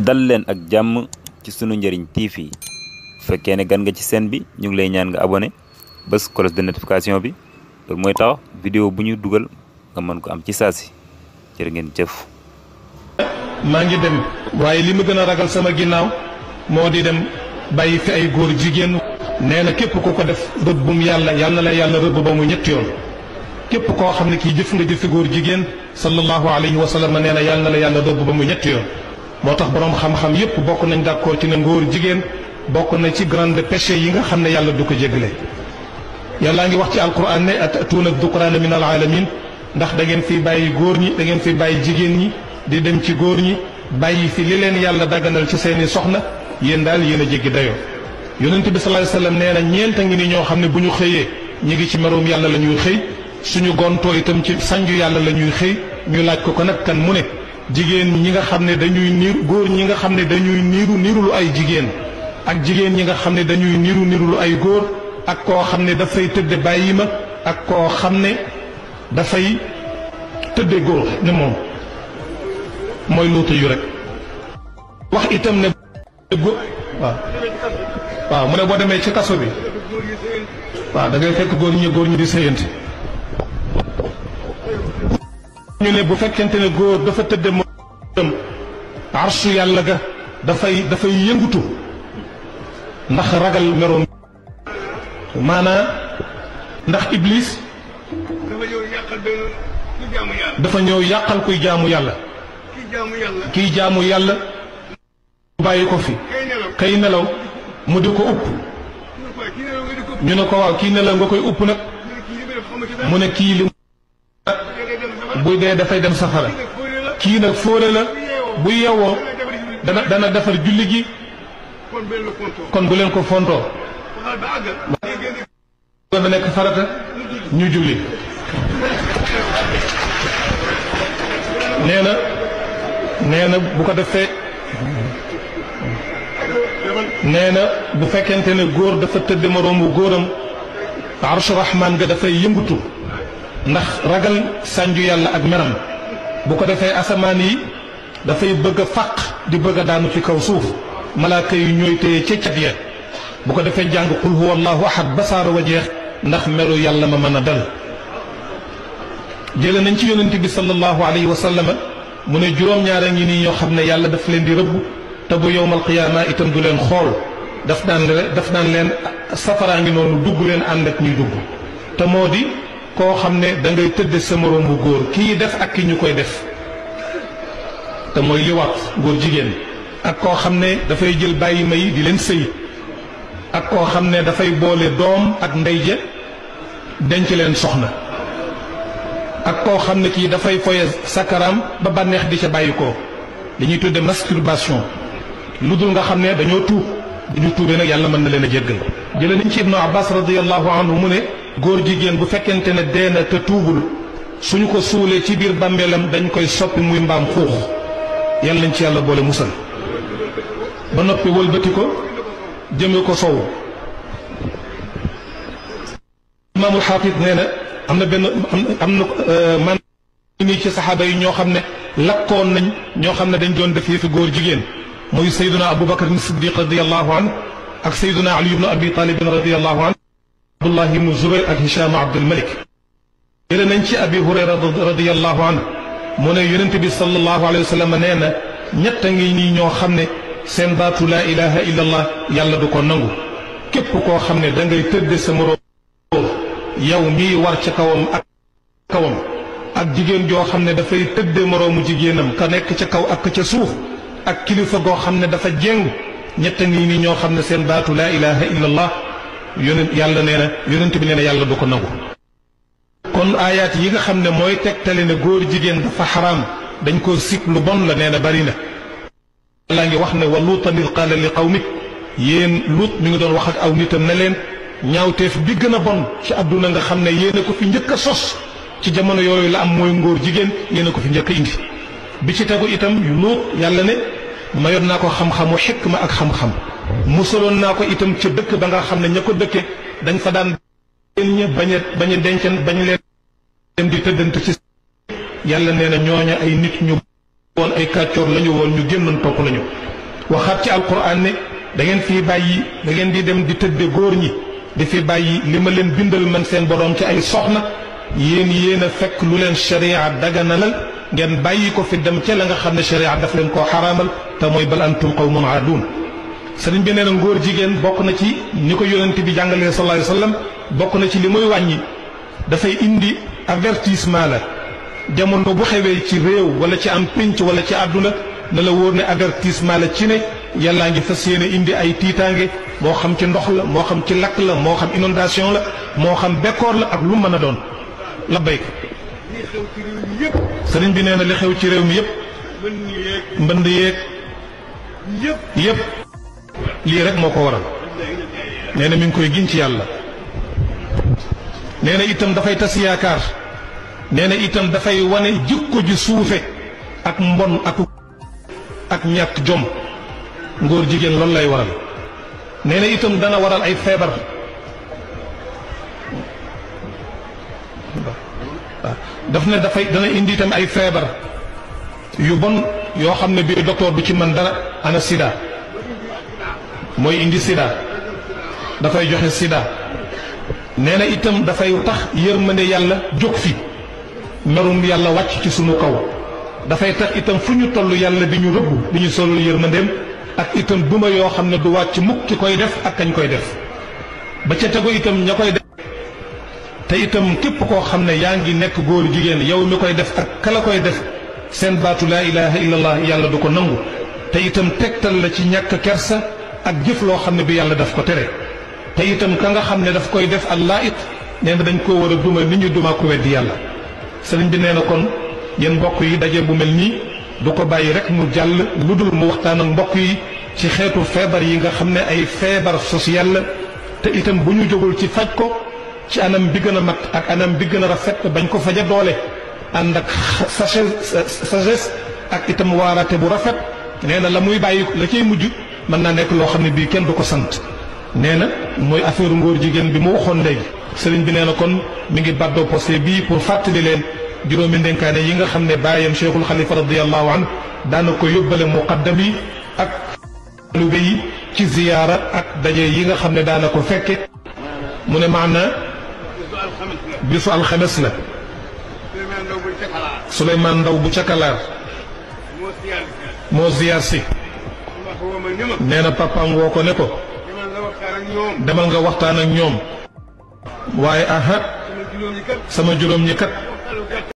dal leen ak jàmm ci sunu njëriñ TV fekkee ne gan nga ci seen bi ñu ngi lay ñaan nga abonné bés cloche de notification bi loolu mooy tax vidéo bu ñu dugal nga mën ko am ci saa si jërë ngeen jëf. maa ngi dem waaye li ma gën a ragal sama ginnaaw moo di dem bàyyi fi ay góor jigéen. nee na képp ku ko def rëbb bu yàlla yàlla la yàlla rëbb ba mu ñetti yoon képp koo xam ne kii jëf nga jëfi góor jigéen sallallahu alayhi wa sallam nee na yàlla la yàlla rëbb ba mu ñetti moo tax boroom xam-xam yépp bokk nañ d'accord ci ne ngóor jigéen bokk na ci grande péché yi nga xam ne yàlla du ko jéggale yàllaa ngi wax ci alquran ne atatuuna dukraana min alaalamin ndax da ngeen fi bàyyi góor ñi dangeen fi bàyyi jigéen ñi di dem ci góor ñi bàyyi fi li leen yàlla daganal ci seeni soxna yéen daal yéen a jéggi dayoo yonent bi sallallahu alayhi wasallam nee na ñeent a ngi ni ñoo xam ne bu ñu xëyee ñi ngi ci meroom yàlla la ñuy xëy suñu gontoo itam ci sanju yàlla la ñuy xëy ñu laaj ko ko nag kan mu ne jigéen ñi nga xam ne dañuy niir góor ñi nga xam ne dañuy niiru niirulu ay jigéen ak jigéen ñi nga xam ne dañuy niiru nirulu ay góor ak koo xam ne dafay tëdd bàyyi ma ak koo xam ne dafay tëdd góor ne moom mooy luutu yu rek wax itam ne góor waaw mu ne boo demee ci kaso bi waaw da ngay fekk góor ñi góor ñi di sëyante ñu ne bu fekkente ne góor dafa tëdd moom arsu yàlla ga dafay dafay yëngutu ndax ragal meroom maanaa ndax iblis dafa ñëw yàqal kuy jaamu yàlla kiy jaamu yàlla bàyyi ko fi kay nelaw mu di ko upp ñu ne ko waaw kii nelaw nga koy upp nag mu ne kii li buy dee dafay dem safara kii nag fóore la bu yeewoo dana dana defar julli gi kon bu leen ko fontoo dafa nekk farata ñu julli nee na nee na bu ko defee nee na bu fekkente ne góor dafa tëdd moroomu góoram arshu rahmaan nga dafay yëngatu ndax ragal sànju yàlla ak meram bu ko defé asamaan yi fay bëgg fàq di bëgg daanu ci kaw suuf malaaka yu ñoy tey ci cat ya bu ko defé jàng qul huwallahu ahad ba saara wa jeex ndax meru yàlla ma mëna dal jël nañ ci yonent bi sallallahu alayhi wa sallam mu ne juróom-ñaara ngi ñi ñoo xamne yàlla daf leen di rëbb te bu yowmal qiyamah itam du leen xool daf daan daf daan leen safara ngi nonu dugg leen ànd ak ñuy dugg te moo koo xam ne dangay tëdd sa moroom bu góor kii def ak ki ñu koy def te mooy liwaat góor jigéen ak koo xam ne dafay jël bàyyi ma di leen sëy ak koo xam ne dafay boole doom ak ndey ja denc leen soxna ak koo xam ne kii dafay foye sakaram ba bànneex di ca bàyyi ko li ñuy tudde masturbation lu dul nga xam ne dañoo tuub dañu tuubee nag yàlla mën na leen a jéggal jëlee nañ ci ibnu abbas radiyallahu mu ne góor jigen bu fekkente ne dee te tuubul suñ ko soule ci bir bambelam dañ koy soppi muy mbam xuux yàlla nañ ci yàlla bolé musal ba noppi wëlbati ko jëme ko sow imam xaafis nee na am na benn man ni ci sahaba yi ño xamne lakkon nañ ño xamne dañ doon def yëfi góor jigen moy sayduna abubakar as siddiq radiyallahu anhu ak sayduna ali ibn abi talib radiyallahu anhu abdullah ibn zubayr ak hisham abdulmalik jële nañ ci abi hurayra radiallahu anhu mu ne yonent bi sallallahu alayhi wa sallam nee na ñett a ngi nii ñoo xam ne seen baatu laa ilaha yàlla du ko nangu képp koo xam da ngay tëdde sa moroom yow war ca kawam ak kawam ak jigéen joo xam ne dafay tëdde moroomu jigéenam ka nekk ca kaw ak ca suuf ak kilifa goo xam ne dafa jéngu ñett a ngi nii ñoo xam ne seen baatu laa yónent yàlla nee na yónent bi nee yàlla du ko nangu kon aayaat yi nga xam ne mooy tegtale ne góor jigéen dafa xaraam dañ koo sib lu bon la nee na bari na laa ngi wax ne wa luutan id qaala li qawmik yéen luut mi ngi doon wax ak aw nitam ne leen ñaawteef bi gën a bon ci àdduna nga xam ne yéen a ko fi njëkk a sos ci jamono yooyu la am mooy ngóor jigéen yéen ko fi njëkk a indi bi ci tegu itam yu luut yàlla ne mayoon naa ko xam-xamu ma ak xam-xam musaloon naa ko itam ca dëkk ba nga xam ne ña ko dëkke dañ fa daan ña bañ bañ a dencen bañ leen dem di tëddante ci yàlla nee na ñooña ay nit ñu woon ay kàccoor lañu woon ñu génnoon topp lañu waxaat ci alquran ne da ngeen fii bàyyi da ngeen di dem di tëdde góor ñi di fi bàyyi li ma leen bindal man seen boroom ci ay soxna yéen yéen a fekk lu leen sharia daganalal ngeen bàyyi ko fi dem ca la nga xam ne sharia daf leen koo xaraamal te mooy bal antum qawmun aaduun sëriñ bi nee na ngóor jigéen bokk na ci ni ko yonent bi jàngalee solo alayhi wa sallam bokk na ci li muy wàññi dafay indi avertissement la jamono bu xewee ci réew wala ci am pénc wala ci àdduna na la wóor ne avertissement la ci ne yàllaa ngi fas yéene indi ay tiitaange moo xam ci ndox la moo xam ci lakk la moo xam inondation la moo xam bekkoor la ak lu mën a doon la béy ko sëriñ bi nee na li xew ci réew mi yëpp mbënd yeeg yëpp lii rek moo ko waral nee na mi ngi koy gin ci yàlla nee na itam dafay tas yaakaar nee na itam dafay wane jikko ju suufe ak mbon ak ak ñàkk jom ngóor jigéen loolu lay waral nee na itam dana waral ay feebar daf ne dafay dana indi itam ay feebar yu bon yoo xam ne bii docteur du ci man dara ana sida mooy indi sida dafay joxe sida nee na itam dafay tax yërmande yàlla jóg fi merum yàlla wàcc ci sunu kaw dafay tax itam fu ñu toll yàlla di ñu rëbb di ñu solul yërmandeem ak itam duma yoo xam ne du wàcc mukk ki koy def ak kañ koy def ba ca tegu itam ña koy def te itam képp koo xam ne yaa ngi nekk góor jigéen yow mi koy def ak kala koy def seen baatu laa ilaha illallah yàlla du ko nangu te itam tegtal la ci ñàkk kersa ak jëf loo xam ne bi yàlla daf ko tere te itam ka nga xam ne daf koy def allah it nee na dañ koo war a duma ni ñu duma ko weddi yàlla sëriñ bi nee na kon yéen mbokk yi daje bu mel nii du ko bàyyi rek mu jàll lu dul mu waxtaan ak mbokk yi ci xeetu feebar yi nga xam ne ay feebar social la te itam bu ñu jógul ci faj ko ci anam bi gën a mat ak anam bi gën a rafet bañ ko faja doole ànd ak sagesse ak itam waarate bu rafet nee na la muy bàyyi la cay mujj man na nek lo xamni bi kenn duko sant neena moy affaire ngor jigen bi mo waxoon léegi serigne bi neena kon mi ngi baddo posté bi pour fatali len juromi ndenkaane yi nga xamne bayam cheikhul khalifa radiyallahu an daana ko yóbbale muqaddam ak lu yi ci ziyara ak dajje yi nga xamne ne ko fekke mune ne maana bisu khamis la سليمان داو بو تشاكالار مو ziyaar si nee na papaam woo ko ne ko demal nga waxtaan ak ñoom waaye aha sama juróom ñi kat